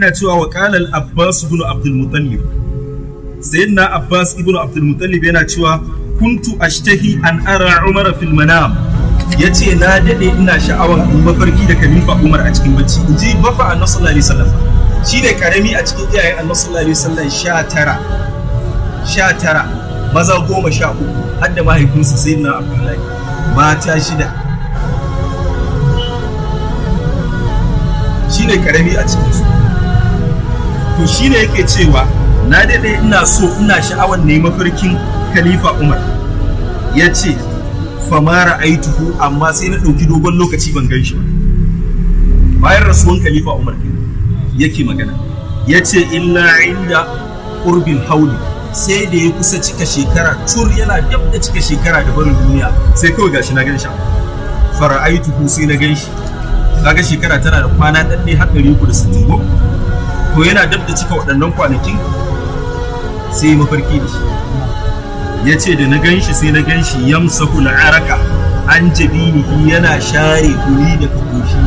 yana cewa wa kalal abbas ibn abdul muttalib sayyidina abbas ibn abdul mutallib yana cewa kuntu ashtahi an ara umar fil manam yace na dade ina sha'awan in mafarki da kalifa umar a cikin bacci inji bafa annabi sallallahu alaihi wasallam shi ne karami a cikin iyayen annabi sallallahu alaihi wasallam 19 19 maza goma sha uku har da mahaifinsa sayyidina abdullahi mata shida shi ne karami a cikin su to ne yake cewa na daidai ina so ina sha'awar ne mafarkin khalifa umar ya ce famara aituhu amma sai na ɗauki dogon lokaci ban gan shi ba bayan rasuwan khalifa umar yake magana ya ce illa inda urbin hauli sai da ya kusa cika shekara cur yana dab da cika shekara da barin duniya sai kawai gashi na ganshi fara'aitu ko sai na ganshi ga shekara tana da kwana ɗaɗɗe har ɗari ku da sittin ko ko yana dab da cika waɗannan kwanakin sai mafarki da shi ya ce da na gan sai na gan shi yamsahu araka, an jabinihi yana share kuri da kakoshi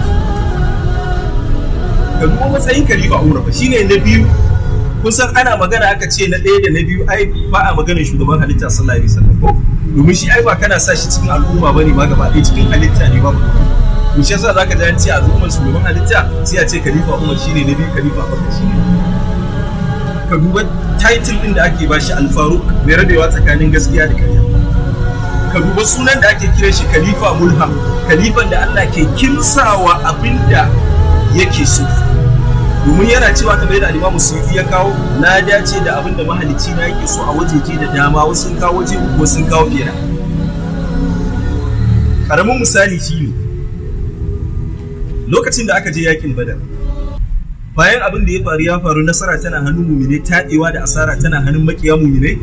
ka duba matsayin ba umar ba shine na biyu kusan ana magana aka ce na ɗaya da na biyu ai ba a magana shugaban halitta sallallahu alaihi wasallam ko domin shi ai ba kana sa shi cikin al'umma bane ma gaba ɗaya cikin halitta ne ba to shi yasa zaka ji an ce umar shugaban halitta sai a ce khalifa umar shine na biyu khalifa abubakar shine ka duba title din da ake bashi al-faruq mai rabewa tsakanin gaskiya da ƙarya ka duba sunan da ake kira shi khalifa mulham khalifan da Allah ke kimsawa abinda yake so domin yana cewa kamar yadda alimamu suyuti ya kawo na dace da abin da mahalicci na yake so a wajeje da dama wasu sun kawo waje wasu sun kawo fiye karamin misali shine lokacin da aka je yakin badar bayan abin da ya faru ya faru nasara tana hannun mumine taɗewa da asara tana hannun makiya mumine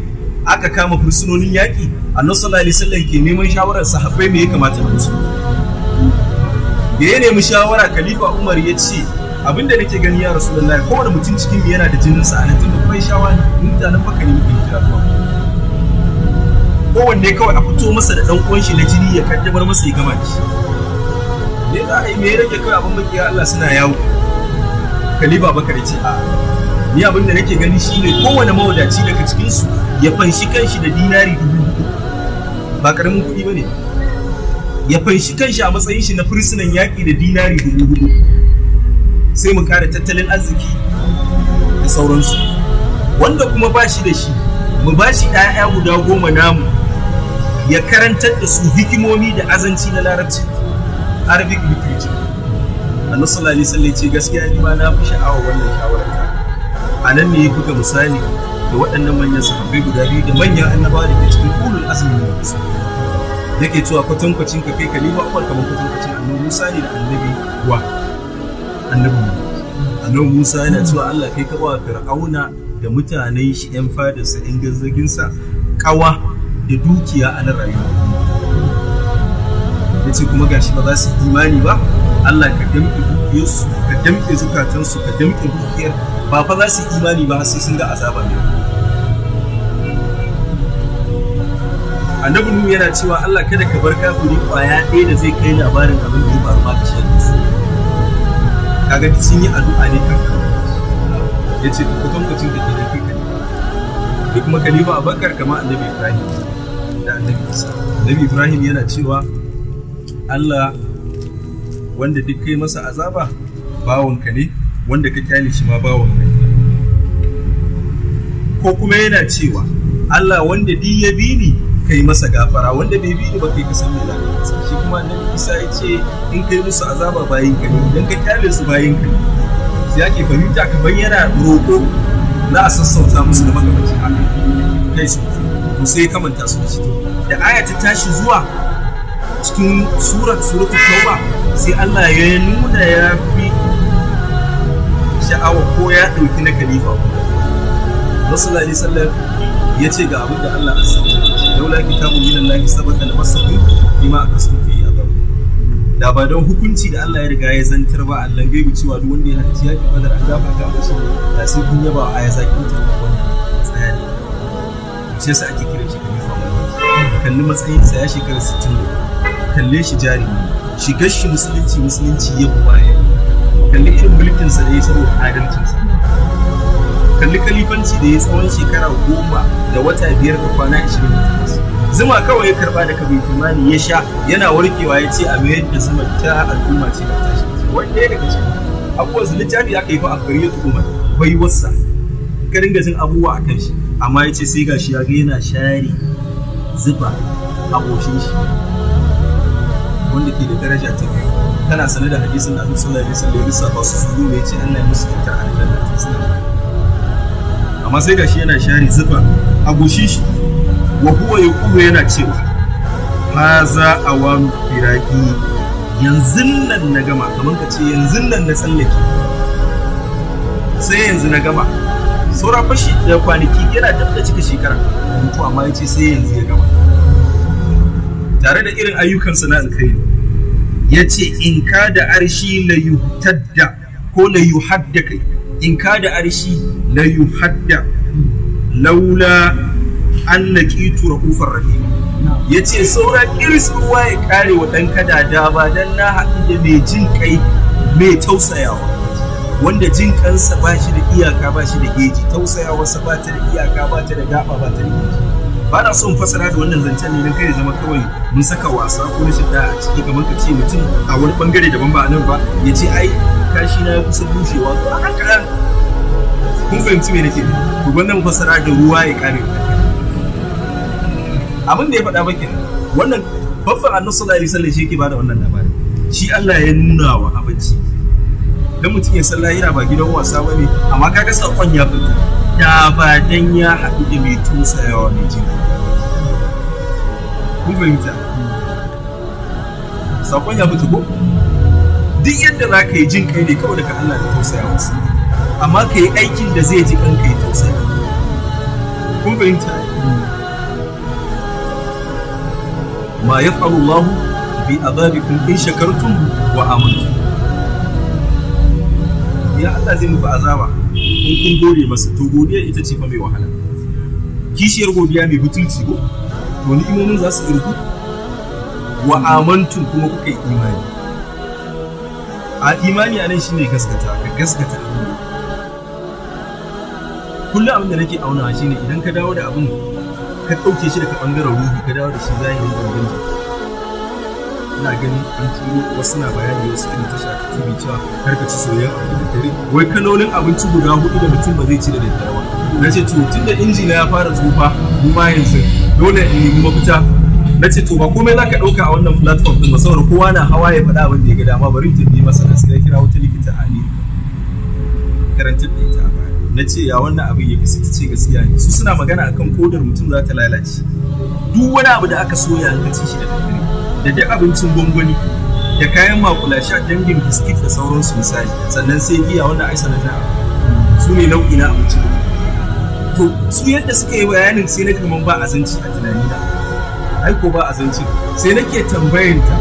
aka kama fursunonin yaƙi annabi sallallahu alaihi wasallam ke neman shawarar sahabbai me ya kamata da su da ya nemi shawara khalifa umar ya ce abin da nake gani ya rasulullahi kowane mutum cikin yana da jinin sa anan tunda kai shawara mutanen baka ne muke kira ko kowanne kawai a fito masa da dan uwan shi na jini ya kaddabar masa ya gama shi me za a yi me rage kawai abin makiya Allah suna yawo kaliba da ce a ni abin da nake gani shine kowane mawadaci daga cikinsu. ya fanshi kanshi da dinari dubu ba karamin kuɗi ne. ya fanshi kanshi a matsayin shi na fursunan yaƙi da dinari dubu hudu sai mu kare tattalin arziki da sauransu wanda kuma ba shi da shi mu ba shi ɗaya guda goma namu ya karantar da su hikimomi da azanci na larabci Arabic literature. Annabi sallallahu alaihi wasallam ce gaskiya ni ma na fi sha'awa wannan shawarar ka. Anan ne ya ga misali da waɗannan manyan sahabbai guda biyu da manyan annabawa da ke cikin ulul azmi ne musu. Yake cewa kwatankwacin ka kai ka nima uwar kamar kwatankwacin annabi Musa ne da annabi wa annabi Annabi Musa yana cewa Allah kai ka ba Fir'auna da mutanen shi 'yan fadarsa 'yan gazzaginsa kawa da dukiya a na rayuwa. ka ce kuma gashi ba za su yi imani ba Allah ka damke dukiyarsu ka damke zukatansu ka damke dukiyar ba fa za su yi imani ba sai sun ga azaba ne annabi yana cewa Allah kada ka bar kafiri kwaya ɗaya da zai kai labarin abin da ya faru ma ka shi kaga sun yi addu'a ne kan yace ku tankwacin da ke da kai da kuma khalifa abakar kama annabi ibrahim da annabi isa annabi ibrahim yana cewa Allah wanda duk kai masa azaba bawanka ne wanda ka kyale shi ma bawon ne ko kuma yana cewa Allah wanda duk ya bi ni kai masa gafara wanda bai bi ni ba kai ka san me za shi kuma annabi Isa ya ce in kai musu azaba bayin ka ne idan ka kyale su bayin ka ne sai yake fahimta ka bayyana roƙo na a sassauta musu da makamacin haka kai su sai kamanta su da aya ta tashi zuwa cikin surat surat tauba sai Allah ya nuna ya fi sha'awa ko ya ɗauki na khalifa Rasulullah sallallahu sallar ya ce ga abin da Allah ya sanya laula kitabun min Allah sabata a masafi bima yi fi ba. da ba don hukunci da Allah ya riga ya zantar ba Allah mu cewa duk wanda ya ya yaki fadar an ga masa da sai kun yaba a ya zaki mutum wannan tsayani shi sa ake kiran shi khalifa kalli matsayinsa ya shekara 60 kalle shi jari shigar shi musulunci musulunci ya baya kalli irin mulkinsa da ya saboda adalcinsa kalli kalifanci da ya tsawon shekara goma da wata biyar da kwana ashirin da takwas. zuma kawai ya karba daga bai ya sha yana warkewa ya ce a mayar da zuma ta al'umma ce da tashi wanda ya daga cikin abubuwan su littafi aka yi fa a kare hukumar bai wasa ka dinga jin abubuwa a kan shi amma ya ce sai ga shi ya ga yana share zuba a goshin shi wanda ke da daraja ta kana sane da hadisin da annabi sallallahu alaihi wasallam ya ba su su ne ce Allah ya musu kyautar aljanna ta suna amma sai gashi yana share zufa a goshi shi wa huwa yaqulu yana cewa haza awanu firaqi yanzu nan na gama kamar ka ce yanzu nan na tsallake sai yanzu na gama saura fashi da kwanaki yana dab da cika shekara mutu amma ya ce sai yanzu ya gama tare da irin ayyukansa na alkhairi ya ce in ka da arshi la yuhtadda ko la yuhadda kai in ka da arshi la yuhadda laula an laqitu ra'ufar rahim ya ce saura kiris ruwa ya kare wa ɗan kadada ba don na haɗu da mai jin kai mai tausayawa wanda jin kansa ba shi da iyaka ba shi da geji tausayawarsa ba ta da iyaka ba ta da gaba ba ta da geji ba na son fasara da wannan zancen ne don kai zama kawai mun saka wasa ko na shidda a ciki kamar ka ce mutum a wani bangare daban ba nan ba ya ce ai kashi na ya kusa bushewa to an karan kun fahimci me nake to wannan fasara da ruwa ya kare abin da ya faɗa ba kenan wannan babban annabi sallallahu alaihi wasallam shi yake bada wannan labarin shi Allah ya nuna wa abaci dan mutum ya sallah yana ba gidan wasa bane amma kaga sakon ya fito da ba dan ya haɗu da mai tusayawa mai jini kun fahimta sakon ya mutu ko duk yadda za ka yi jin kai ne kawai daga Allah da tausayawa su amma ka yi aikin da zai ji kanka ya tausaya kun fahimta ma ya faru Allah bi azabikum in shakartum wa amantum ya Allah zai muku azaba in kun dore masa to godiya ita ce fa mai wahala kishiyar godiya mai butulci ko to ni'imomin za su irgu wa amantun kuma kuka yi imani a imani a nan shine gaskata ka gaskata abin kullum abin da nake auna shine idan ka dawo da abin ka ɗauke shi daga ɓangaren ruhu ka dawo da shi zahirin ubangiji ina ganin an turo wasu na bayani wasu irin tasha ta TV cewa kar ka ci soyayya a da dare wai kalolin abinci guda hudu da mutum ba zai ci da daddare ba na ce to tun da injina ya fara tsufa mu ma yanzu dole in nemi mafita na ce to ba komai za ka ɗauka a wannan platform ɗin ba saboda kowa na hawa ya faɗa abin da ya ga dama bari ta bi masa da sai ya kira wata likita a ne karantar da ita a baya na ce ya wannan abin ya fi ta ce gaskiya ne su suna magana akan kodar mutum za ta lalace duk wani abu da aka soya an ka ci shi da daddare da duk abincin gwangwani da kayan makulashi a dangin biskit da su misali sannan sai giya wanda ai sanata su ne nau'i na abinci to su yadda suka yi bayanin sai na kaman ba azanci a tunani na ai ko ba azanci sai nake tambayin ta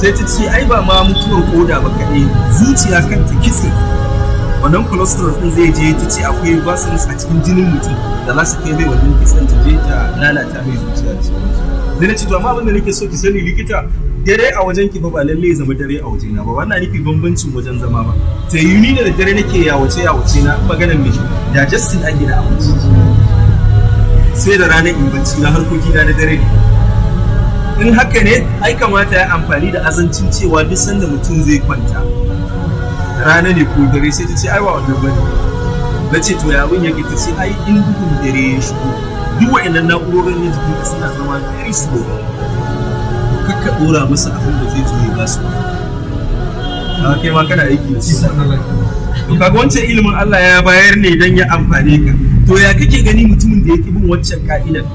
sai ta ce ai ba ma mutuwar koda ba kaɗai zuciya kan ta kitse wannan cholesterol din zai je ta ce akwai basins a cikin jinin mutum da za su kai bai wannan kitsen ta je ta lalata mai zuciya da sauransu da na ce to amma abin da nake so ki sani likita dare a wajen ki ba ba lalle zama dare a wajena ba wannan nake bambancin wajen zama ba ta yi ni da dare nake ya yawace na maganar miji da justin ake da abinci sai da ranar in bacci na harkoki na dare in haka ne ai kamata ya amfani da azancin cewa duk sanda mutum zai kwanta rana ne ko dare sai ta ce ai wa wannan bane na ce to ya abin yake ta ce ai in duhun dare ya shigo duk wa'annan na'urorin na jikinka suna zama very slow kakka dora masa abin da zai zo ya ba su ka kai ma kana aiki da su to kaga wancan ilimin Allah ya bayar ne don ya amfane ka to ya kake gani mutumin da ya ki bin waccan ka'idar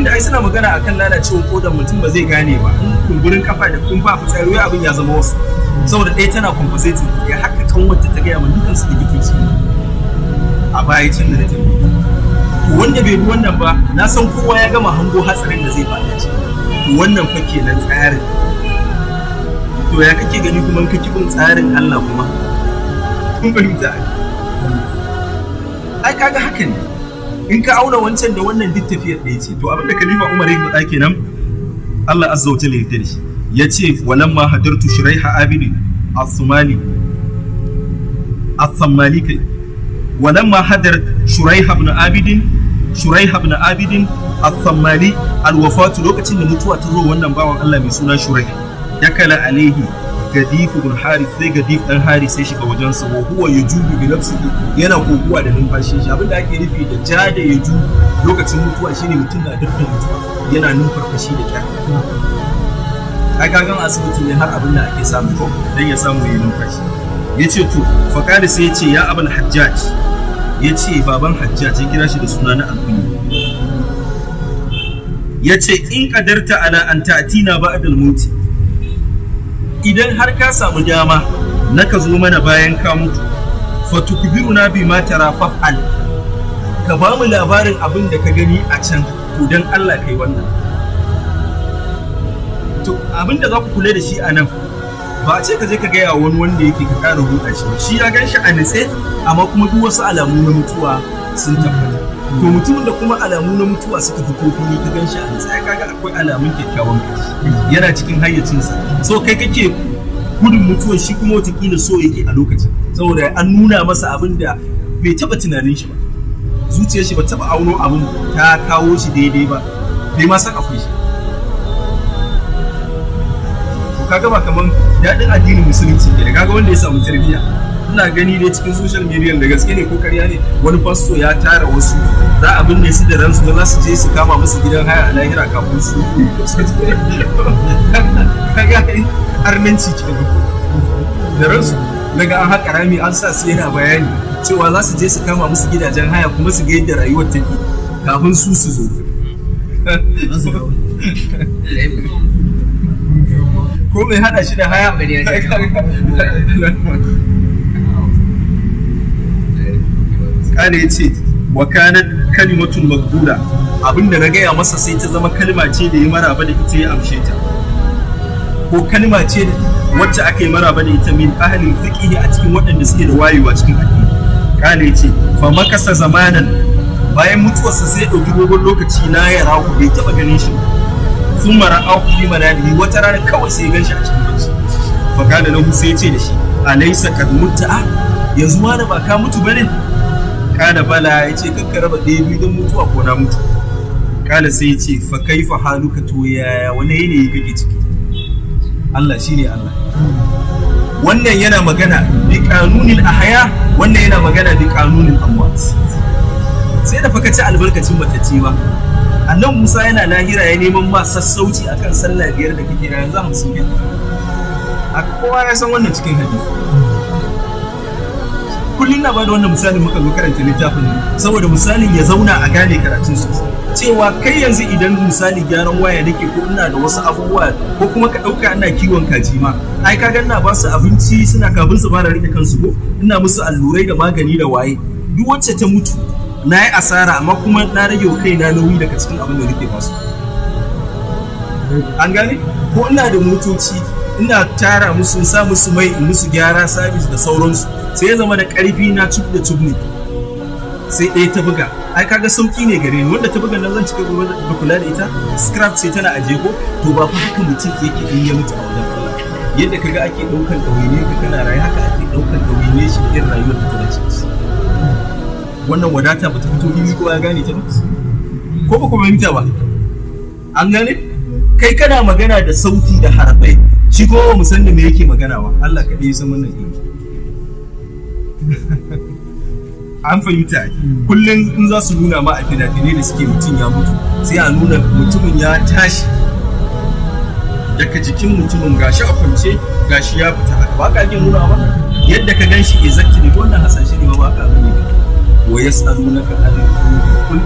da ai suna magana akan lalacewar kodan mutum ba zai gane ba kumburin kafa da kun ba fitsari abin ya zama wasu saboda ɗaya tana compensating ya haka kan ta gaya ma dukansu da likitoci a baya cin da na tafi wanda bai bi wannan ba na san kowa ya gama hango hatsarin da zai faɗa ci wannan fa kenan tsarin to ya kake gani kuma kake bin tsarin Allah kuma kun fahimta ai kaga haka ne in ka auna wancan da wannan duk tafiyar da ce to abinda khalifa Umar ya faɗa kenan Allah azza wa jalla ya yarda shi yace ma hadartu shiraiha abidin as-sumali as-samali kai ma hadar shuraiha ibn abidin shuraiha ibn abidin al-thammani al-wafatu lokacin da mutuwa ta zo wannan bawan Allah mai suna shuraiha kala alaihi gadif ibn harith sai gadif dan harith sai shiga wajen sa wa huwa yajubu bi nafsihi yana kokuwa da numfashin shi abinda ake nufi da jada yaju lokacin mutuwa shine mutum na dukkan mutuwa yana numfashi da kyar gan asibiti ne har abin da ake samu ko dan ya samu ya numfashi yace to faqali sai ya ce ya abul hajjaj ya ce baban hajjaj ya kira shi da suna na alkunya ya ce in kadarta ala an ta'tina ba'dal muti idan har ka samu dama na ka zo mana bayan ka mutu fa bi bima tara al, ka ba mu labarin abin da ka gani a can to dan Allah kai wannan to abin da za ku kula da shi a nan ba a ce ka je ka gaya wani wanda yake ka ƙara buɗa shi shi ya gan shi a nitse amma kuma duk wasu alamu na mutuwa sun tabbata to mutumin da kuma alamu na mutuwa suka fito fili ka gan shi a nitse ya kaga akwai alamun kyakkyawan kashi yana cikin hayyacinsa so kai kake gudun mutuwar shi kuma watakila so yake a lokacin saboda an nuna masa abin da bai taba tunanin shi ba zuciyar shi ba taba auno abin ta kawo shi daidai ba bai ma san akwai shi kaga ba kaman daɗin addinin musulunci ne kaga wanda ya samu tarbiyya ina gani dai cikin social media da gaske ne ko karya ne wani fasto ya tara wasu za a binne su da ransu za su je su kama musu gidan haya a lahira kafin su kaga arminci ke da ransu daga an haƙa rami an sa su yana bayani cewa za su je su kama musu gidajen haya kuma su ga yadda rayuwar take kafin su su zo ko mai hada shi da haya kare ce wa kanan kalimatul maqdura abinda na gaya masa sai ta zama kalma ce da ya maraba da ita ya amshe ta ko kalma ce wacce aka yi maraba da ita min ahalin fiqihi a cikin waɗanda suke da wayewa cikin addini kale ce fa makasa zamanan bayan mutuwarsa sai ɗauki dogon lokaci na ya rahu bai taɓa ganin shi sun mara auku fi manami wata rana kawai sai gan shi a cikin bacci faka da lahu sai ce da shi alaisa kad mutta ah, yanzu ma da ba ka mutu bane kana bala ya ce ka raba ɗaya biyu don mutuwa ko na mutu kala sai ya ce fa kaifa haluka to yaya wani yanayi kake ciki Allah shine Allah wannan yana magana bi kanunin ahaya wannan yana magana bi kanunin amwat sai da fakaci albarkacin matacce ba annan musa yana lahira ya neman ma sassauci kan sallah biyar da kake na, yanzu musulmi a kowa ya san wannan cikin hadisi kullum na bada wannan misalin muka zo karanta littafin saboda misalin ya zauna a gane karatun su cewa kai yanzu idan misali gyaran waya nake ko ina da wasu abubuwa ko kuma ka ɗauka ina kiwon kaji ma ai ka ganna ba su abinci suna kafin su fara rike kansu ko ina musu allurai da magani da waye duk wacce ta mutu na yi asara amma kuma na rage wa kai na nauyi daga cikin abin da nake basu an gane ko ina da motoci ina tara musu sa musu mai in musu gyara sabis da sauransu sai ya zama da karfi na cuk da cuk ne sai ɗaya ta buga ai kaga sauki ne gare ni wanda ta buga nan zan cika gobe da kula da ita scrap sai tana aje ko to ba ku haka mutum yake in ya mutu a wajen Allah yadda kaga ake ɗaukan ne, ka kana rayuwa wannan wadata ba ta fito fili kowa ya gane ta ba ko ba ku fahimta ba an gane kai kana magana da sauti da harafai shi ko mu san da me yake magana ba Allah ka dai san wannan din an fahimta kullum in za su nuna ma a fina-finai da suke mutum ya mutu sai a nuna mutumin ya tashi daga jikin mutumin gashi a kwance gashi ya fita haka ba ka nuna ba yadda ka gan shi exactly wannan hasashe ne ba ba ka ba ويسألونك عن الحدود قل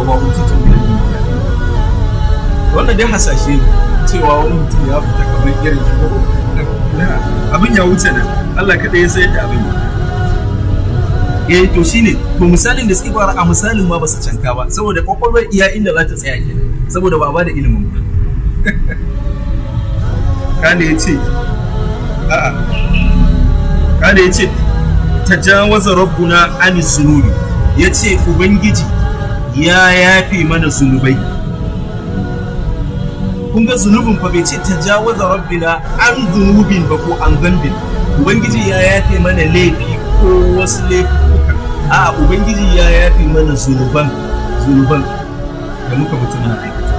وما أوتيتم من wannan dai hasashe cewa wani mutum ya fita kamar irin shi abin ya wuce nan Allah kaɗai ya sayar da abin eh to shine to misalin da suke fara a misalin ma ba su canka ba saboda kwakwalwar iya inda za ta tsaya ke saboda ba ba da ilimin ba kane ya ce a'a kane ya ce tajawaza rabbuna ani zunubi yace ubangiji ya yafe mana zunubai kun ga zunubin fa bai ce tajawaza rabbina an zunubin ba ko an gambin ubangiji ya yafe mana laifi ko wasu laifuka a ubangiji ya yafe mana zunuban zunuban da muka mutu na aikata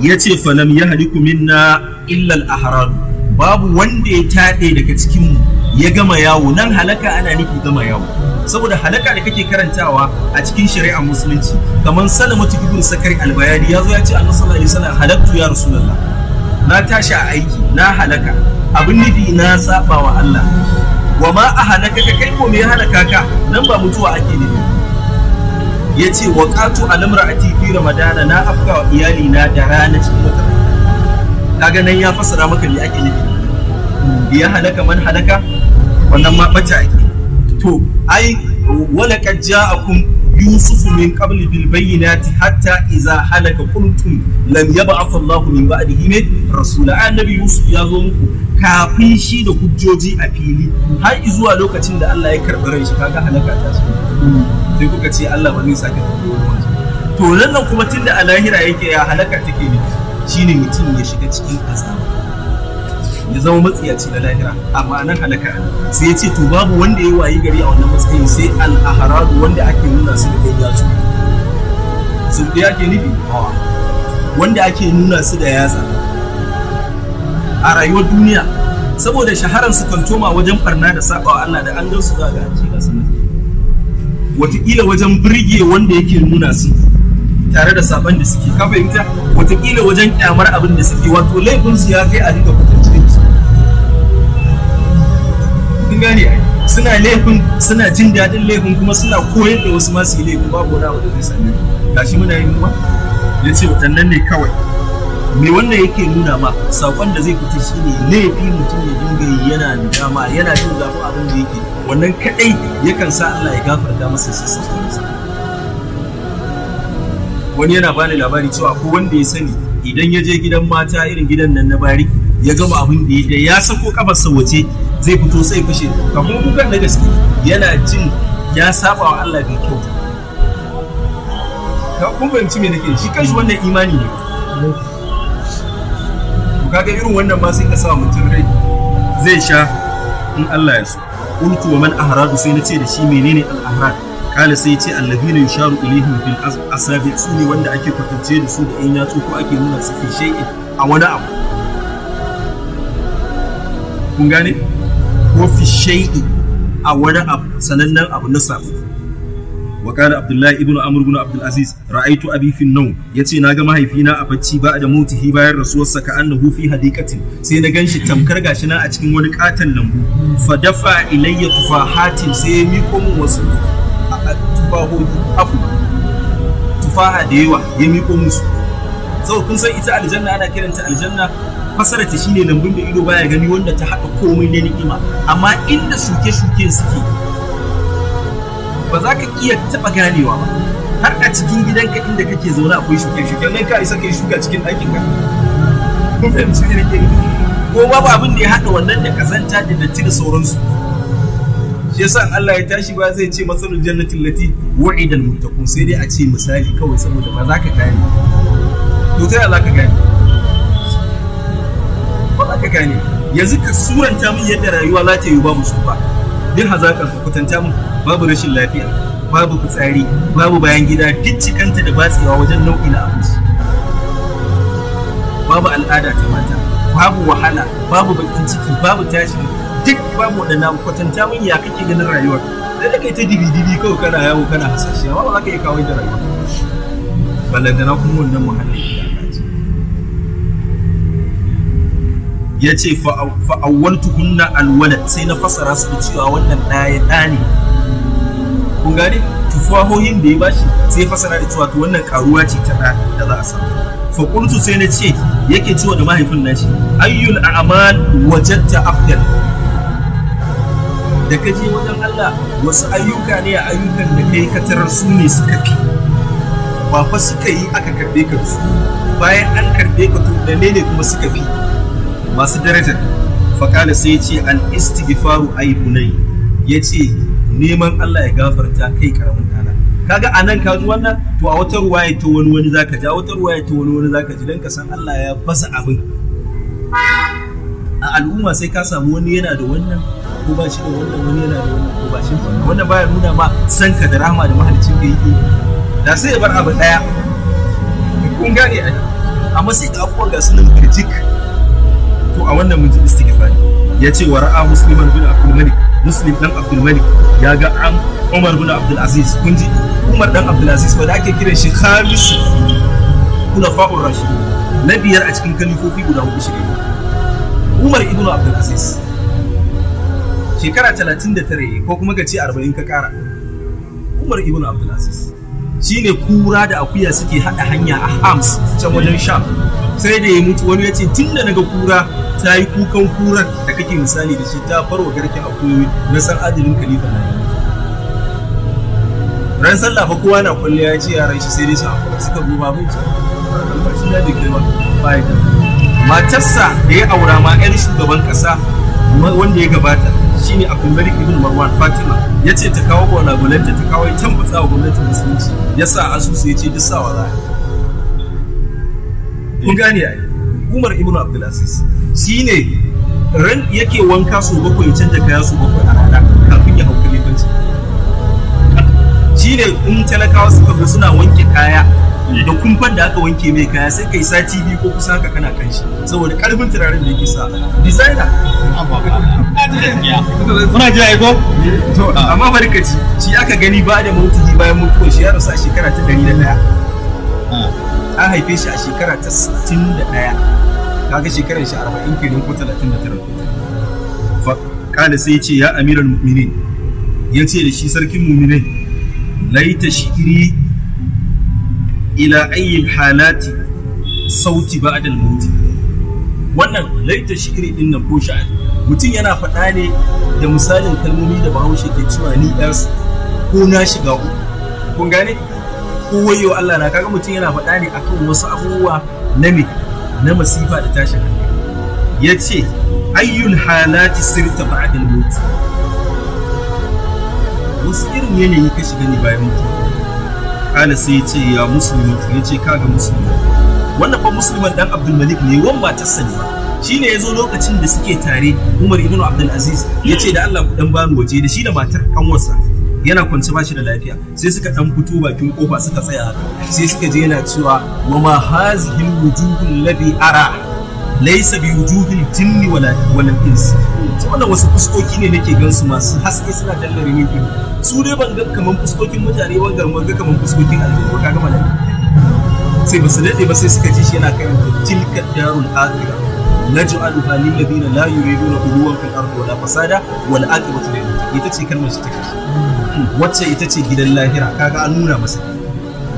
ya ce falam ya haliku minna illal ahraru babu wanda ya taɗe daga cikinmu ya gama yawo nan halaka ana nufi gama yawo saboda halaka da kake karantawa a cikin shari'ar musulunci kamar salamatu ibn sakar albayani ya zo ya ce a sallallahu alaihi sana halaktu ya lalla. na tashi a aiki na halaka abin nufi na saba wa Allah wa ma a halaka ka kai ko ya halaka ka nan ba mutuwa ake nufi ya ce wa qatu a fi ramadana na afka wa iyali na da rana cikin wata kaga nan ya fassara maka me ake nufi ya halaka man halaka wannan ma bata ake to ai kad ja'akum yusuf min qabl bil bayyinati hatta idza halaka qultum lam yab'ath Allah min ba'dihi rasula annabi yusuf ya zo muku kafin shi da hujjoji a fili har zuwa lokacin da Allah ya karɓi ran shi kaga halaka ta shi sai kuka ce Allah ba zai sake to nan kuma tunda a lahira yake ya halaka take ne shine mutum ya shiga cikin azaba ya zama matsiyaci na lahira amma nan halaka sai ya ce to babu wanda ya wayi gari a wannan matsayi sai al'aharadu wanda ake nuna su da kai yatsu sun ɗaya ke nufi wanda ake nuna su da yatsa a rayuwar duniya saboda shaharar su kantoma wajen farna da sabawa Allah da an gansu za ga ce ga su wataƙila wajen birge wanda yake nuna su tare da saban da suke ka fahimta wataƙila wajen kyamar abin da suke wato laifinsu ya kai a duka kutance kun gane ai suna laifin suna jin daɗin laifin kuma suna koyar da wasu masu laifin babu wani abu da zai same su gashi muna yin kuma ya ce waɗannan ne kawai me wannan yake nuna ma sakon da zai fita ne laifi mutum ya dinga yi yana dama yana jin zafin abin da yake wannan kadai yakan sa Allah ya gafarta masa sai wani yana bani labari cewa ko wanda ya sani idan ya je gidan mata irin gidan nan na bari ya gama abin da ya sako sa waje zai fito sai kashe ka kuma kukan na gaske yana jin ya saba wa Allah bai kyauta ka kun fahimci me nake shi kanshi wannan imani ne Ku kaga irin wannan ma sai ka sa mutum rai zai sha in Allah ya so qultu wa man ahradu sai nace da shi menene al ahrad kala sai ce alladhina yusharu ilayhim fil asabi su ne wanda ake kwatance da su da in yatsu ko ake nuna su fi shay'in a wani abu kun gane Kofi shaidu a wani abu sanannen abu na sabo wa abdullahi ibnu amr Abdulaziz, ra'aitu abifin ra'aytu ya ce na ga mahaifina a bacci ba da mutihi bayan rasuwarsa ka annahu fi hadiqatin sai na ganshi tamkar gashi na a cikin wani katon lambu fa dafa ilayya tufahatin sai ya miko min wasu tufahohi afu Tufa da yawa ya miko musu sau kun san ita aljanna ana kiranta aljanna fasarar ta shine lambun da ido baya gani wanda ta haɗa komai na ni'ima amma inda shuke-shuke suke ba za ka iya taɓa ganewa ba har a cikin gidanka inda kake zaune akwai shuke-shuke nan ka isa kai shuka cikin ɗakin ka kun fahimci ne nake ko babu abin da ya haɗa wannan da kazanta da datti da sauransu shi yasa Allah ya tashi ba zai ce masalul jannatin lati wa'idal muttaqun sai dai a ce misali kawai saboda ba za ka gane to ta za ka gane aka gane yanzu ka suranta min yadda rayuwa za ta yi babu su ba duk hazaka ka kwatanta min babu rashin lafiya babu fitsari babu bayan gida duk cikanta da batsewa wajen nau'i na abinci babu al'ada ta mata babu wahala babu bakin ciki babu tashi duk babu waɗannan kwatanta min ya kake ganin rayuwar sai da kai ta dibi-dibi kawai kana yawo kana hasashiya ba za ka iya kawo da rayuwa ballantana kuma wannan muhalli ya ce fa'awwaltu tukunna alwalad sai na fasara su da cewa wannan ɗaya ɗa ne kun gane tufahohin da ya bashi sai fasara da cewa to wannan karuwa ce ta ɗa da za a samu faƙultu sai na ce yake cewa da mahaifin nashi ayyul a'mal wajadta afdal da ka je wajen Allah wasu ayyuka ne a ayyukan da kai ka tarar su ne suka fi ba fa suka yi aka karbe ka su bayan an karbe ka to da ne kuma suka fi masu darajar faƙala sai ya ce al istighfaru ay bunai ya ce neman Allah ya gafarta kai karamin dana kaga anan ka ji wannan to a wata ruwaya to wani wani zaka ji a wata ruwaya to wani wani zaka ji dan ka san Allah ya fasa abin a al'umma sai ka samu wani yana da wannan ko ba shi da wannan wani yana da wannan ko ba shi da wannan baya nuna ma san ka da rahama da mahalicin da yake da sai ya bar abu daya kun gane amma sai ka afuwa ga sunan kirjik ko a wannan mun ji istighfari ya ce wa ra'a musliman bin abdul malik muslim dan abdul malik ya ga an umar bin abdul aziz kun ji umar dan abdul aziz wanda ake kiran shi khamis khulafa'ur rashid na biyar a cikin kalifofi guda hudu shi umar ibn abdul aziz shekara 39 ko kuma ka 40 ka kara umar ibn abdul aziz shine kura da akuya suke hada hanya a hams can wajen sham sai da ya mutu wani ya ce tun da naga kura ta yi kukan kuran da kake misali da shi ta farwa garke a koyi na san adilin kalifa na ran sallah fa kowa na kulli ya ce yaran shi sai dai su akwai suka duba bai ce shi da ke ma bai da matarsa da ya aura ma ɗan shugaban kasa wanda ya gabata shine Abdulmalik ibn Marwan Fatima ya ce ta kawo gwalagwalanta ta kawo tambatsa wa gwamnatin musulunci sa asusu ce duk sawa za a yi kun gane ai Umar ibn Abdulaziz shine ran yake wanka su bakwai canza kaya su bakwai a rana kafin ya hau Shi shine in talakawa suka ga suna wanke kaya da kumfan da aka wanke mai kaya sai kai sati biyu ko kusa haka kana kan shi saboda karfin turaren da yake sa designer muna jira to amma barkaci shi aka gani ba da mutuji bayan mutuwa shi ya rasu a shekara ta 101 an haife shi a shekara ta 61 kaga shekarar shi 40 kenan ko 39 fa kada sai ce ya amiral mu'minin ce da shi sarkin mu'minai laita shiri ila ayyi halati sauti ba al-maut wannan laita shiri din nan ko sha'ani mutum yana faɗa ne da misalin kalmomi da bahaushe ke cewa ni ɗansu ko na shiga ku kun gane ko wayo Allah na kaga mutum yana faɗa ne akan wasu abubuwa na me na masifa da tashin hankali ya ce ayyul halati sirta ba'dal maut wasu irin yanayi ka shiga ne bayan mutu? kala sai ya ce ya musulmi ya ce kaga musulmi wannan fa musulman dan abdul malik ne wan Shi ne shine ya zo lokacin da suke tare umar ibn abdul aziz ya ce da allah ku dan bani waje da shi da matar kanwarsa yana kwance ba shi da lafiya sai suka dan fito bakin kofa suka tsaya haka sai suka je yana cewa wa ma hazihi wujuhul ladhi ara laysa bi wujuhil jinni wala wala ins to wannan wasu fuskoki ne nake gan su masu haske suna dallare min ku su dai ban ga kaman fuskokin mutane ban ga kaman fuskokin aljanna kaga malaka sai ba su dade ba sai suka ji shi yana kai tilka darul akhirah naj'aluha lil ladina la yuriduna uluwan fil ardi wala fasada wal aqibatu lil ita ce kalmar shi take wacce ita ce gidan lahira kaga an nuna masa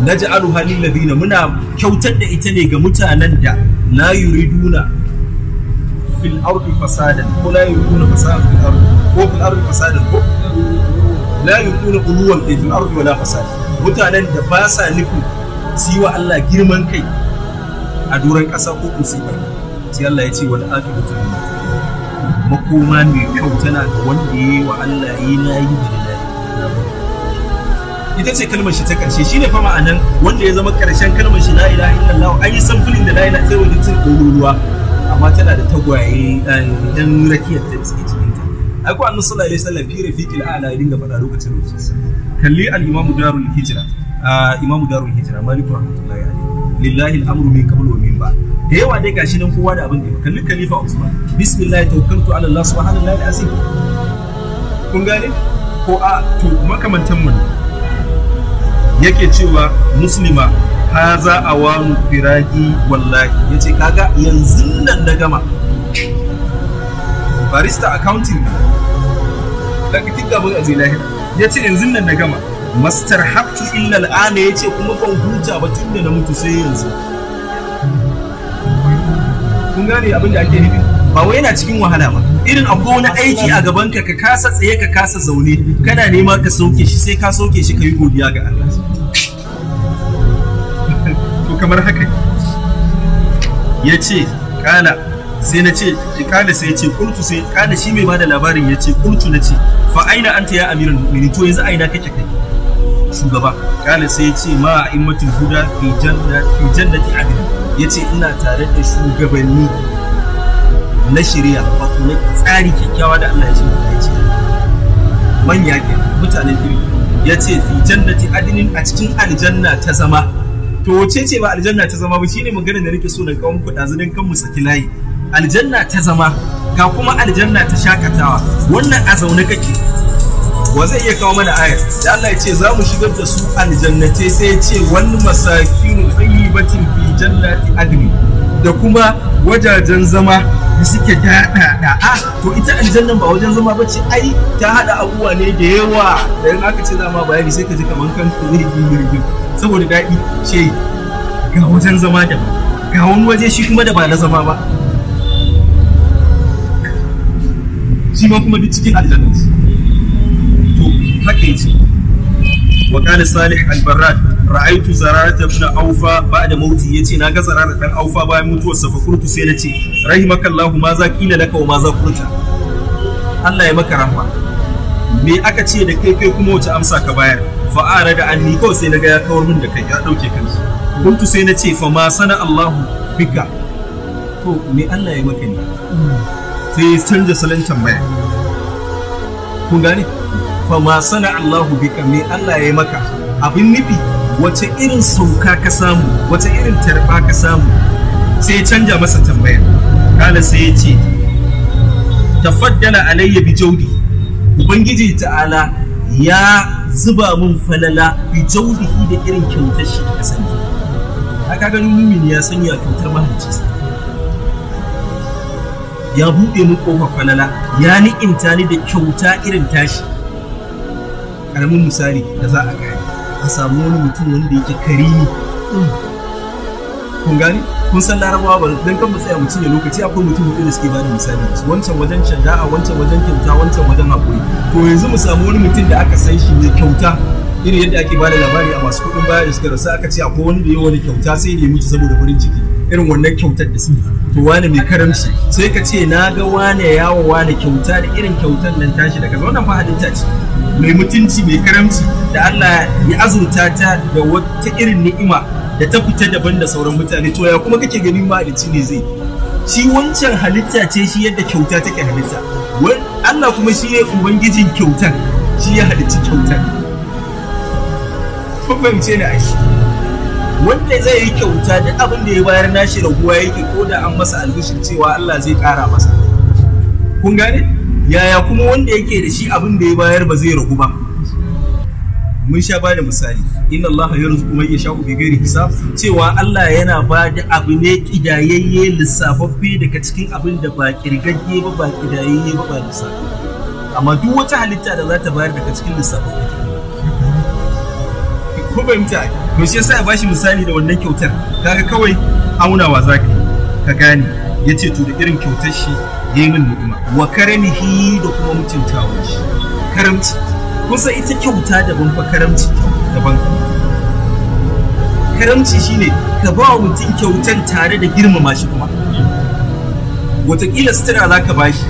naj'alu halil ladina muna kyautar da ita ne ga mutanen da la yuriduna fil ardi fasadan ko la yuriduna fasadan fil ardi ko fil ardi fasadan ko la yuriduna uluwan fil ardi wala fasadan mutanen da ba sa nufin su yi wa Allah girman kai a doron ƙasa ko kusurwa sai Allah ya ce wal mutane makoma mai kyau tana ga wanda ya yi wa Allah yi na yi da ita ce kalmar shi ta karshe shine fa ma'anan wanda ya zama karshen kalmar shi la ilaha illallah an yi samfulin da la ilaha sai wani cin ruwa amma tana da tagwaye dan eh, rakiyar ta suke cikin ta ai ko annabi sallallahu alaihi wasallam fi rafiqil a'la dinga faɗa lokacin rubutunsa kalli al-imamu darul hijra ah, imamu darul hijra maliku rahmatullahi alaihi lillahi al-amru min qablu wa min ba da yawa dai gashi nan kowa da abin da kalli khalifa usman bismillah tawakkaltu ala allah wa ta'ala azim kun gane ko a to makamantan mu yake cewa muslima haza wani firagi wallahi yace kaga yanzu nan na gama barista accounting da duk abin a zilahi ya ce yanzu nan na gama master haftu illa al'ana ya ce kuma ban huta ba tun da na mutu sai yanzu kun gane abin da ake nufi ba wai yana cikin wahala ba irin akwai wani aiki a gaban ka ka kasa tsaye ka kasa zaune kana nema ka sauke shi sai ka sauke shi ka yi godiya ga Allah kamar haka ya ce kala sai na ce kala sai ya ce kultu sai kala shi mai bada labarin ya ce kultu na ce fa aina anta ya amirul mu'minin to yanzu aina kake kai shugaba kala sai ya ce ma a'immatul huda fi jannati fi jannati adil ya ce ina tare da shugabanni na shirya wato na tsari kyakkyawa da Allah ya ce mutane ce manya ke mutanen biyu ya ce fi jannati adinin a cikin aljanna ta zama to wace ce ba aljanna ta zama ba shine magana da nake so na kawo muku dazunan kan mu saki layi aljanna ta zama ga kuma aljanna ta shakatawa wannan a zaune kake wa zai iya kawo mana ayar da Allah ya ce za mu shigar da su aljannace sai ya ce wani masakinu tayyibatin fi jannati adini da kuma wajajen zama da suke daɗaɗa a ah, to ita aljannan ba wajen zama ba ce ai ta haɗa abubuwa ne da yawa da yin aka ce za ma bayani sai ka ji kamar kan zai girgin saboda daɗi ce ga wajen zama da ga wani waje shi kuma da ba na zama ba shi ma kuma duk cikin aljannan to haka yace wa qala salih al-barrad ra'aitu zararata ibn aufa ba da mauti yace na ga zarara dan aufa bayan mutuwarsa fa kurtu sai nace rahimakallahu ma za kila laka wa ma za kurta Allah ya maka rahma me aka ce da kai kai kuma wace amsa ka bayar fa ara da anni ko sai naga ya kawar min da kai ya dauke kansa kurtu sai nace fa ma sana Allahu bika to me Allah ya maka ne sai canja salon tambaya kun gane fa ma sana Allahu bika me Allah ya maka abin nufi wace irin sauka ka samu wace irin tarba ka samu sai ya canja masa tambaya kala sai ya ce ta. faddala alayya bi jaudi ubangiji ta'ala ya zuba mun falala bi jaudi da irin kyautar shi da sani haka ganin mumin ya sanya kyautar sa? ya buɗe mu kofar falala ya ni'imta ni da kyauta irin tashi ƙaramin misali da za a gaya a samu wani mutum wanda yake ne kun gani kun san larabawa ba don kan mu tsaya mu cinye lokaci akwai mutum hudu da suke bada misali wancan wajen a wancan wajen kyauta wancan wajen hakuri to yanzu mu samu wani mutum da aka san shi mai kyauta irin yadda ake bada labari a masu kuɗin baya da suka rasa aka ce akwai wani da ya wani kyauta sai ne mutu saboda farin ciki irin wannan kyautar da suke to wane mai karamci sai ka ce na ga wane yawo wane kyauta da irin kyautar nan tashi daga wannan fa halitta ce mai mutunci mai karamci da Allah ya azurta ta da wata irin ni'ima da ta fita daban da sauran mutane to ya kuma kake ganin mahalicci ne zai shi wancan halitta ce shi yadda kyauta take halitta Allah kuma shi ne ubangijin kyautan shi ya halicci kyautan kun fahimce ni shi. wanda zai yi kyauta da abin da ya bayar nashi raguwa yake ko da an masa albishin cewa Allah zai kara masa kun gane yaya kuma wanda yake da shi abin da ya bayar ba zai ragu ba mun sha ba da misali inna Allah yarzuqu man yasha'u ku ghairi kisa. cewa Allah yana da abu ne kidayayye lissafaffe daga cikin abin da ba kirgagge ba ba kidayayye ba ba lissafi amma duk wata halitta da za ta bayar daga cikin lissafaffe ko fahimta to shi yasa ya bashi misali da wannan kyautar kaga kawai aunawa zaka ka gane yace to da irin kyautar shi yayi min ni'ima wa karamihi da kuma mutuntawa shi karamci kusa ita kyauta daban fa karamci daban karamci shine ka ba wa mutum kyautan tare da girmama shi kuma Watakila sutura za ka bashi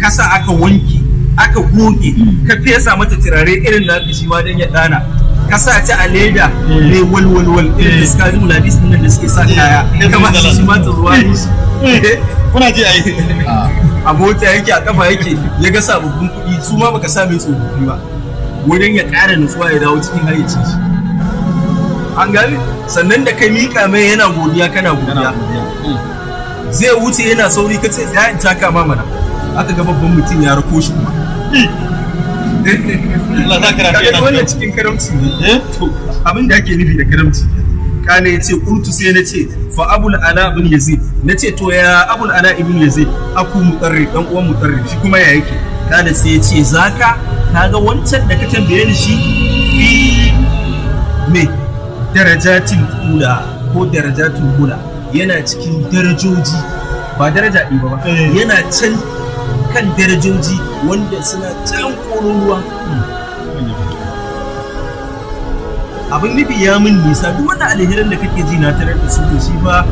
kasa aka wanke aka goge ka fesa mata turare irin lafi shi ma ya dana kasa ta a leda ne eh. walwalwal irin da suka zumu labis nan da suke sa kaya kamar eh. ba shi ma ta zuwa eh. kuna ji yi. a mota yake a kafa yake ya ga sababbin kuɗi su ma baka sa mai tsofaffi ba wurin ya ƙara nutsuwa ya dawo cikin hayyacin shi an gani sannan da kai miƙa mai yana godiya kana godiya mm. zai wuce yana sauri ka ce ya ta kama ma mana aka ga babban mutum ya rako shi kuma kaga wannan cikin karamci ne eh? abin da ake nufi da karamci kane ya ce kurtu sai na ce fa abul ala bin yazid na ce to ya abul ana ibn yazid aku mutarri dan uwan mutarri shi kuma ya yake kada sai ya ce zaka kaga wancan da ka tambaye ni shi fi me darajatin kula ko darajatin kula yana cikin darajoji ba daraja ɗi ba eh. yana can kan darajoji wanda suna can koron ruwa abin nufi ya min nisa duk wanda alherin da kake ji na tarar da su to shi ba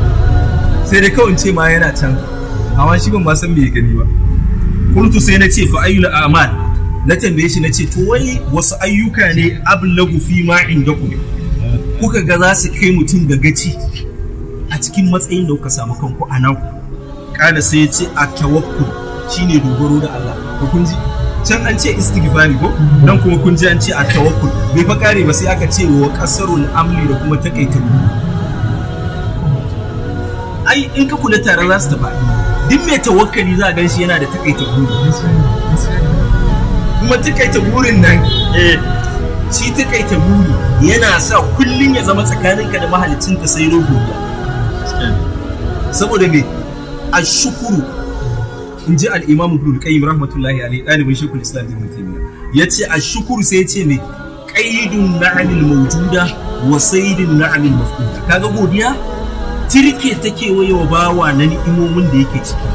sai dai kawai ce ma yana can amma shi ban ma san me gani ba kurtu sai na ce fa ayyul amal na tambaye shi na ce to wai wasu ayyuka ne ablagu fi ma indakum kuka ga za su kai mutum ga gaci a cikin matsayin da kuka samu kanku a nan kana sai ya ce a tawakkul shine dogaro da Allah ko kun ji can an ce istighfari ko dan kuma kun ji an ce a tawakkul bai fa kare ba sai aka ce wa kasarul amli da kuma takaita ai in ka kula tare za su tafi duk mai tawakkali za a gan shi yana da takaita buri kuma takaita burin nan eh, shi takaita buri yana sa kullum ya zama tsakaninka da mahalicinka sai rubuta saboda me a shukuru in ji al'imamu ibn qayyim rahmatullahi alaihi ɗalibin shekul islam ibn ya yace a shukuru sai yace me qaidun na'amil mawjuda wa saydun na'amil mafquda kaga godiya tirke take wa bawa na ni'imomin da yake ciki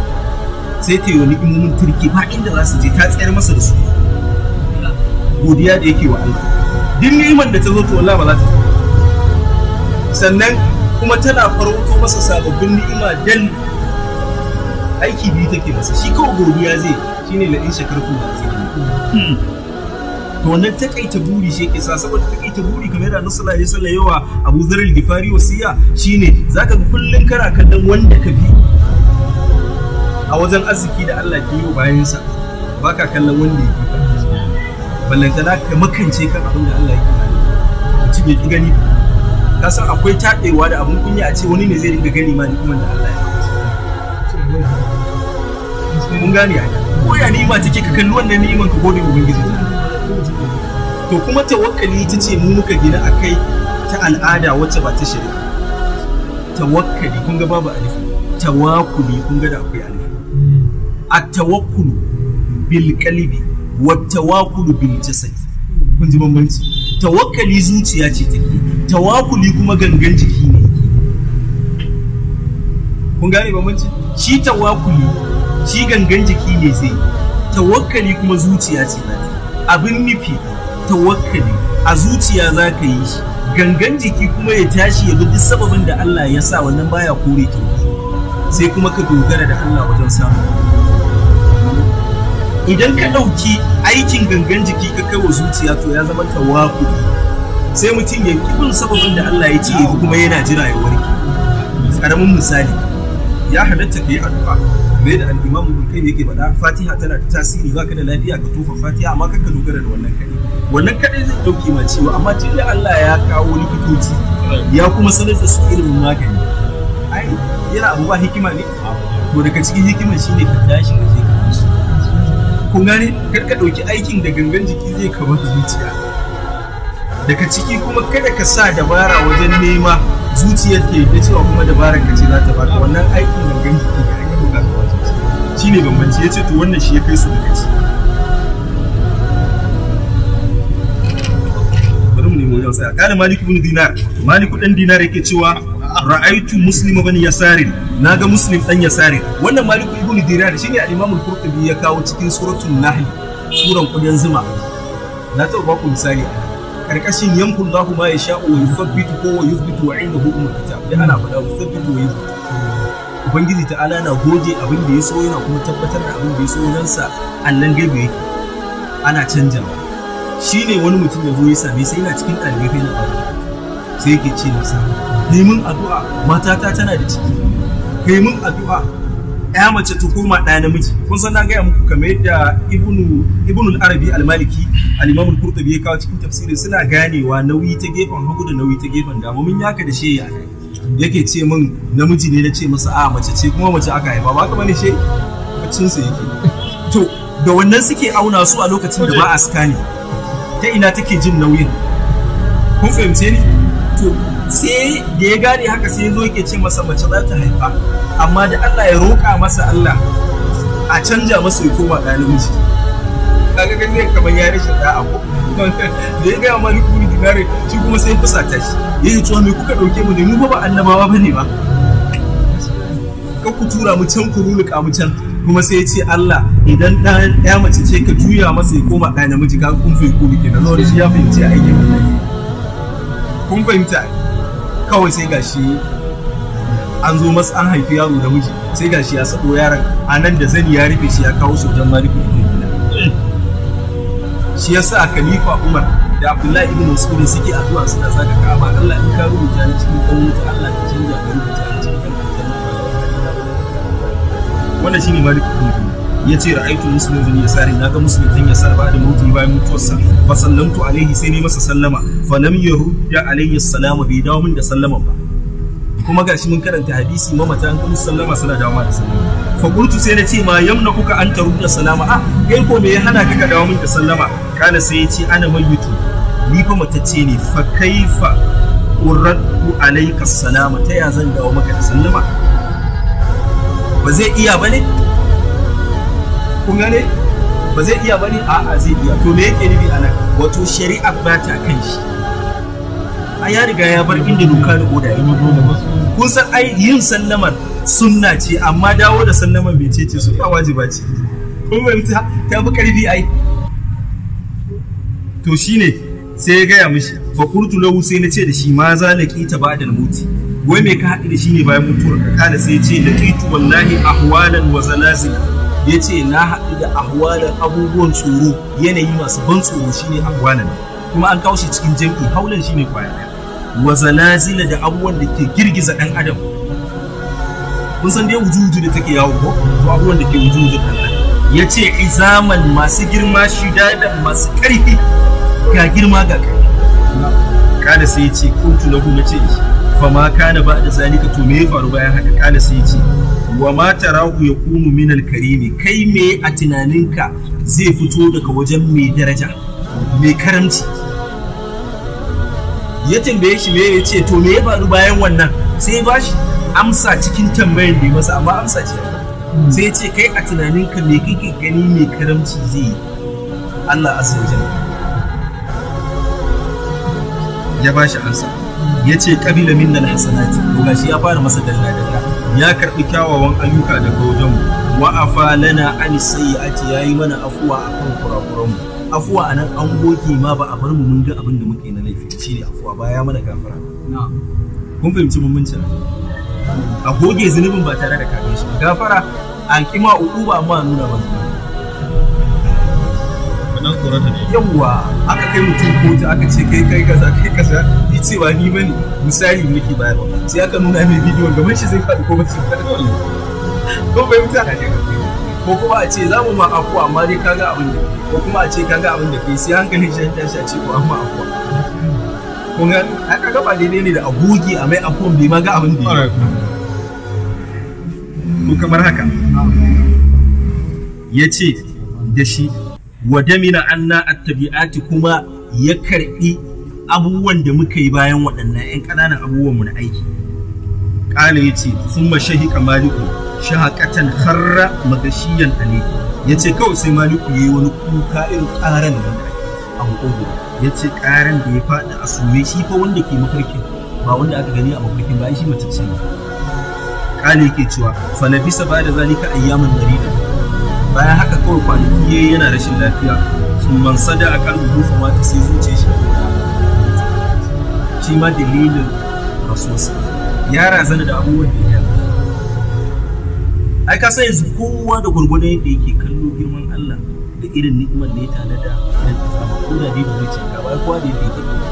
sai ta yi wa ni'imomin tirke ba inda za su je ta tsayar masa da su godiya da yake wa Allah duk ni'imar da ta zo to Allah ba za ta sannan kuma tana farauto masa sababbin ni'ima dan aiki biyu take masa shi kawai godiya zai shine la'in in shakartu ba zai to wannan takaita buri shi ke sa saboda takaita buri kamar da Nasala ya sala yawa wa Abu Dharr al-Ghifari wasiya shine zaka ga kullun kana kallon wanda ka fi a wajen arziki da Allah ke yi bayan sa baka kallon wanda yake ballanta ballantana ka makance kan abin da Allah yake mutum ci ki gani ka san akwai taɗewa da abin kunya a ce wani ne zai dinga gani ma kuma da Allah ya mun gane ko ya ma take ka kalli wannan ni'iman ka gode ubangiji to kuma tawakkali ita ce mu muka gina a kai ta al'ada wacce ba ta shari'a tawakkali kun ga babu alifu tawakkuli kun ga da akwai alifu a tawakkulu bil qalbi wa tawakkulu bil jasadi kun ji bambanci tawakkali zuciya ce take tawakkuli kuma gangan jiki ne kun gane bambanci shi tawakkuli shi gangan jiki ne zai tawakkali kuma zuciya ce abin nufi tawakkali a zuciya za ka yi shi gangan jiki kuma ya tashi ya duk sababin da Allah ya sa wannan baya kore ki sai kuma ka dogara da Allah wajen samu idan ka ɗauki aikin gangan jiki ka kai wa zuciya to ya zama tawaku sai mutum ya kibin sababin da Allah ya ce ya kuma yana jira ya warke karamin misali ya halatta ka yi addu'a kamar da al'imamu imamu kai yake faɗa fatiha tana da tasiri ba ka da lafiya ka tofa fatiha amma ka dogara da wannan kai wannan kadai zai ɗauke ma ciwo amma tun da Allah ya kawo likitoci ya kuma sanar da su ilimin magani ai yana abu ba hikima ne to daga cikin hikimar shine ka tashi ka je ka musu kun gane kar ka ɗauki aikin da gangan jiki zai kamar zuciya daga ciki kuma kada ka sa dabara wajen nema zuciyar ke da cewa kuma dabarar ka ce za ta baka wannan aikin gangan jiki da aikin buƙata wajen shi ne bambanci ya ce to wannan shi ya kai su daga ciki wajen sa kana malik ibn dinar malik dan dinar yake cewa ra'aitu muslima bani yasarin naga muslim dan yasarin wannan malik ibn dinar shine al-imam al-qurtubi ya kawo cikin suratul nahl suran kudin zuma na taɓa ku misali karkashin yankun Allah ma ya sha'u wa yuthabbitu ko wa yuthbitu wa indahu ummul kitab da ana faɗa yuthabbitu wa yuthbitu ubangiji ta'ala na goge abin da ya so yana kuma tabbatar da abin da ya so nan sa allan gaibe yake ana canjawa shi ne wani mutum ya zo ya same sai yana cikin ɗalibai na ɓaro sai yake ce masa sami. mun addu'a matata tana da ciki kai addu'a ya mace ta koma ɗaya namiji kun san na gaya muku kamar yadda ibnu ibnu al-arabi Almaliki maliki al-imam ya kawo cikin tafsirin suna ganewa nauyi ta gefen hagu da nauyi ta gefen dama mun yaka da shi a yake ce min namiji ne na ce masa a mace ce kuma mace aka haifa ba ka bane shi. bacin sa yake to da wannan suke auna su a lokacin da ba a skani ta ina take jin nauyin kun fahimce ni to sai da ya gane haka sai zo yake ce masa mace za ta haifa amma da Allah ya roƙa masa Allah a canja masa ya koma ɗan namiji kaga ganin kamar ya rashin da'a ko da ya gaya mani kuri dinare shi kuma sai ta shi ya yi tuwa mai kuka ɗauke mu da mu ba annabawa bane ba ka ku tura mu can ku ruluka mu can kuma sai ce Allah idan ɗan ya mace ce ka juya masa ya koma ɗan namiji ka kun fi ku kenan zo shi ya fahimci aikin kun fahimta kawai sai gashi an zo masa an haifi yaro da miji sai gashi ya sako yaron a nan da zani ya rufe shi ya kawo shi wajen maliku gida. shi ya sa khalifa umar da abdullahi ibn mas'ud suke addu'a suna saka ka'aba Allah in ka rubuta ni cikin dan wuta Allah ka canja ka rubuta wannan shine malik ya ce ra'aytu muslimin ya sari ga muslim kan ya ba da mutu bayan mutuwarsa fa sallamtu alaihi sai ne masa sallama fa lam yurda alaihi salama bai dawo min da sallama ba kuma gashi mun karanta hadisi mamata an kuma sallama suna dawo da sallama fa qultu sai na ce ma yamna kuka an tarudda salama a ah, kai ko me ya hana ka ka dawo min da sallama kana sai ya ce ana mayyutu ni fa matacce ne fa kaifa uraddu alayka salama ta ya zan dawo maka da sallama ba zai iya ba ne kun gane ba zai iya ba ne a'a zai iya to me yake nufi anan wato shari'a ba ta kan shi a ya riga ya bar inda doka da oda in yi dole kun san ai yin sallamar sunna ce amma dawo da sallamar bai ce su ba wajiba ce kun ta fi karfi ai to shine sai ya gaya mishi fa kurtu lahu sai na ce da shi ma zalaki na ba da muti wai mai ka haɗu da shi ne bayan mutuwar ka kada sai ce da titu wallahi ahwalan wa zalazil ya ce na haɗu da ahwalan abubuwan tsoro yanayi masu ban tsoro ne ahwalan kuma an kawo shi cikin jam'i haulan shi ne kwaya ɗaya wa zalazila da abubuwan da ke girgiza ɗan adam kun san dai wujudu da take yawo ko to abubuwan da ke wujudu ɗan adam ya ce izaman masu girma shi da masu ƙarfi ga girma ga ƙarfi kada sai ya ce kuntu lahu na ce shi fama kana ba da zalika to me ya faru bayan haka Kana sai ce wa ma tarahu yakunu min alkarimi kai me a tunaninka zai fito daga wajen mai daraja mai karamci ya tambaye shi me ya ce to me ya faru bayan wannan sai ba shi amsa cikin tambayar da masa amma amsa ce sai ce kai a tunaninka me kake gani mai karamci zai yi Allah azza ya ba shi amsa ya ce ƙabila minna hasanati to shi ya fara masa dalla dalla ya karɓi kyawawan ayyuka daga wajen mu wa afa lana an sayyi'ati yayi mana afuwa akan kurakuran mu afuwa anan an goge ma ba a bar mu mun ga abin da muke na laifi ne afuwa baya mana gafara kun fahimci bambancin a goge zunubin ba tare da kafin shi gafara a kima uku ba amma nuna ba yawwa aka kai mutum kotu aka ce kai kai kaza kai kaza cewa ni bane misali ne ke bayarwa sai aka nuna mai bidiyon gaban shi zai faɗi ko ba shi faɗi wallahi ko bai mutu a ko kuma a ce za mu ma afuwa amma dai kaga abin da ko kuma a ce kaga abin da kai sai hankalin shi ya sha a ce ko an ma afuwa kun ga aka ba daidai ne da agogi a mai afuwan bai ma ga abin da ya ko kamar haka ya ce da shi wa damina anna at-tabi'ati kuma ya karbi abubuwan da muka yi bayan waɗannan 'yan ƙananan mu na aiki ƙala ya ce sun ka maliku shahakatan harra magashiyan ale ya ce kawai sai maliku ya yi wani kuka irin ƙaran da a makogo ya ce ƙaran da ya faɗi a sume shi fa wanda ke mafarkin ba wanda aka gani a mafarkin ba shi mace ce ƙala yake cewa falabisa ba da zalika ayyaman jarida bayan haka kawai kwanaki yana rashin lafiya sun mansada a kan rubufa mata sai zuce shi shi ma dalilin rasuwarsa ya razana da abubuwan da ya ai ka san yanzu kowa da gwargwadon yadda yake kallo girman Allah da irin ni'imar da ya tanada irin ta zama ko da dai bai ka ba kowa da yadda yake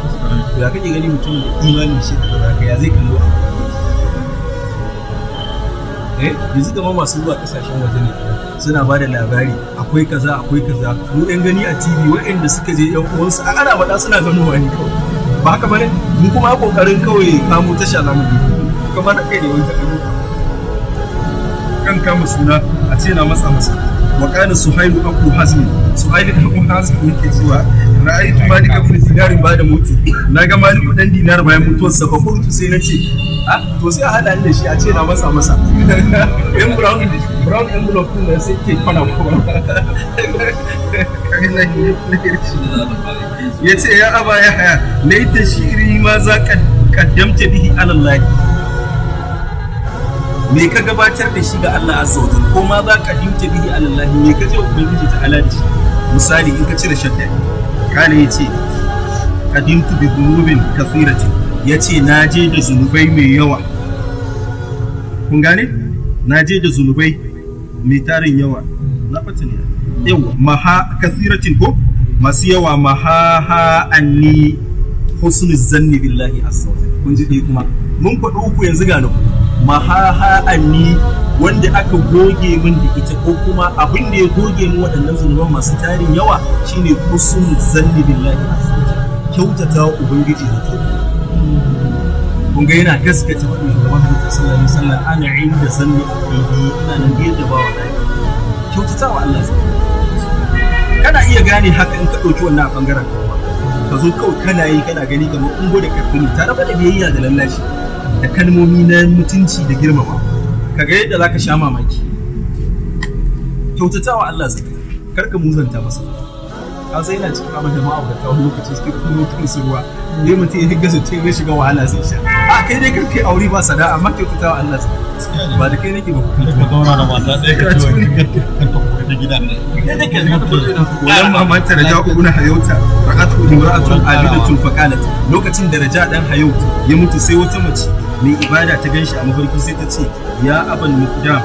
to ya kake gani mutum da imanin shi da zaka ya zai kallo a eh yanzu kamar masu zuwa kasashen waje ne suna ba da labari akwai kaza akwai kaza mu yan gani a TV waɗanda suka je yan uwansu a ana faɗa suna ganowa ne kawai ba haka ne mu kuma kokarin kawai kamo tasha na mu kuma na kai ne wani kan kama suna a ce na masa masa وكان سهيل أبو hazmi سهيل أبو حزم yake cewa tuma malik kafin dinar ba da mutu naga malik dan dinar bayan mutuwar sa fa kuntu sai na ce a ah, to sai a hada da shi a ce na masa masa yan brown brown envelope din da sai ke fara kuma ya aba ya haya ta shi ma za ka kaddamta bihi alallahi me ka gabatar da shi ga Allah azza wa jalla ko ma za ka kaddamta bihi alallahi me ka je ubangiji ta ala da shi misali in ka cire shakka kana yace qadimtu bi dhunubin kathiratin yace na je da zunubai mai yawa kun gane na je da zunubai mai tarin yawa na fata ne yawa maha kasiratin ko masu yawa maha ha anni husnul zanni billahi azza wa kun ji dai kuma mun faɗi uku yanzu ga nan mahaha'anni wanda aka goge min da ita ko kuma abin da ya goge min waɗannan zunuban masu tarin yawa shine husnul zanni billahi azza wa kyautata wa ubangiji da to kun ga yana gaskata wa gaban halittar sallallahu alaihi wasallam ana inda zanni abidi ina nan da bawa ba wa kyautata wa Allah zai kana iya gane haka in ka ɗauki wannan a ɓangaren ka zo kawai kana yi kana gani kamar ungo da ta tare da biyayya da lallashi da kalmomi na mutunci da girmama ka ga yadda za ka sha mamaki kyautatawa Allah zaka karka muzanta masa ka sai yana cikin abin da ma'aurata wani lokaci suke kuma kansu ruwa ne mutum ya gaza ce zai shiga wahala sai sha a kai dai karfe aure ba sada amma kyautata wa Allah ba da kai nake ba kuma ka zauna da mata ɗaya ka ci wani ka gida ne da kai ka wannan mamanta da ja'u ibn hayauta raqatu imra'atun abidatun faqalat lokacin da raja dan hayaut ya mutu sai wata mace mai ibada ta ganshi a mafarki sai ta ce ya mu muqdam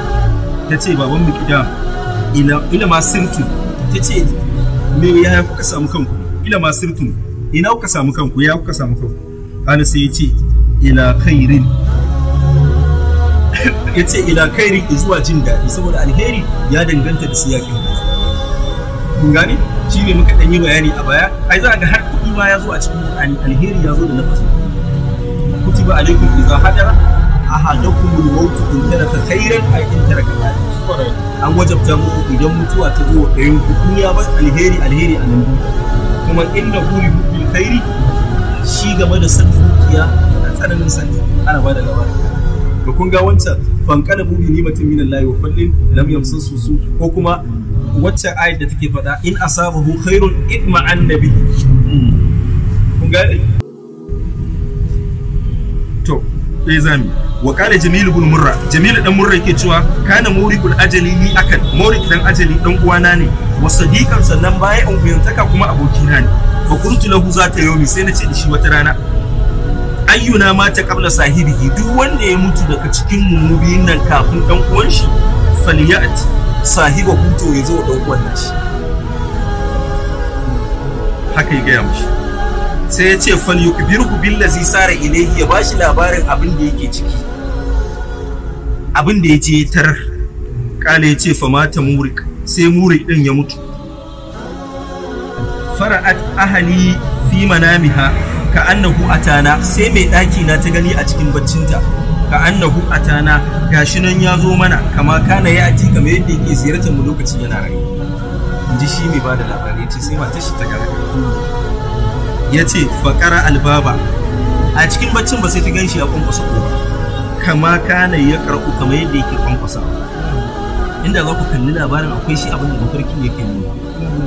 ta ce baban mu ila ila ma sirtu ta ce me ya kuka samu kanku ila ma sirtum ina kuka samu kanku ya kuka samu kanku ana sai ya ce ila khairin ya ce ila khairin zuwa jin daɗi saboda alheri ya danganta da siyakin kun gane shi ne muka ɗan yi bayani a baya ai za ga har kuɗi ma ya zo a cikin Qur'ani alheri ya zo da nafasi kutiba alaikum iza hadara ahadakum al-maut in taraka khairan ay in taraka khairan an wajabta muku idan mutuwa ta zo wa ɗayan ku ya bar alheri alheri a nan kuma inda huri hukun kairi shi game da san dukiya a tsananin san ana ba da labari to kun ga wancan fankana buri ni mutum minan layi wa fallin lam yamsan susu ko kuma wacce ayat da take faɗa in asabahu khairun idma annabi kun gane to eh zami wa kala jamilu bin murra jamilu dan murra yake cewa kana mawrikul ajali ni akan mawrik dan ajali dan uwana ne wa sadiqan sannan bayan an kuyantaka kuma abokina ne fa kuntu lahu zata yomi, sai na ce da shi wata rana ayyuna mata qabla sahibihi duk wanda ya mutu daga cikin mu nan kafin dan uwan shi falyat sahiba huto ya zo dan uwan shi haka ya gaya sai ya ce fal yukbirhu billazi sara ilayhi ya bashi labarin abin da yake ciki abin da ya je tarar Kale ya ce famata murik sai murik din ya mutu fara'at ahali fi manamiha ka annahu atana sai mai ɗaki na ta gani a cikin baccinta ka annahu atana gashi nan ya zo mana kama kana ya ati kamar yadda yake ziyartar mu lokacin yana rayu in ji shi mai bada labarai ce sai mata shi ta gara ya ce faƙara albaba a cikin baccin ba sai ta gan shi ya kwankwasa ko ba kama kana ya karɓu kamar yadda yake kwankwasa inda za ku kalli labarin akwai shi abin da ne ke nuna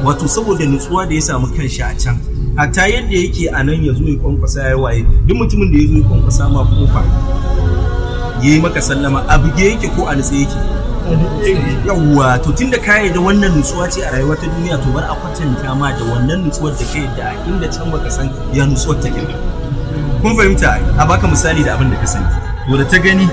wato saboda nutsuwa da ya samu kanshi a can hatta yadda yake a nan ya zo ya kwankwasa ya waye duk mutumin da ya zo ya kwankwasa ma kofa ya yi maka sallama a buge yake ko a nutse yake yawwa to tunda ka yarda wannan nutsuwa ce a rayuwar ta duniya to bar a kwatanta ma da wannan nutsuwar da ka yarda inda can baka san ya nutsuwar ta kenan kun fahimta a baka misali da abin da ka sani to ta gani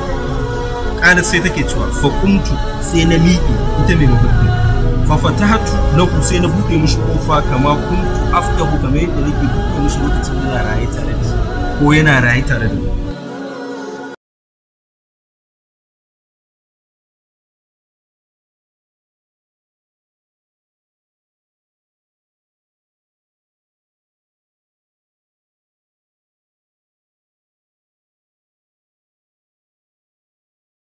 ƙara sai take cewa kuntu, sai na miƙe ita mai mafarkin fafatahatu lahu sai na buɗe mishi kofa kama kuntu aftahu kamar yadda nake buɗe mishi lokacin yana raye tare da ko yana raye tare da ni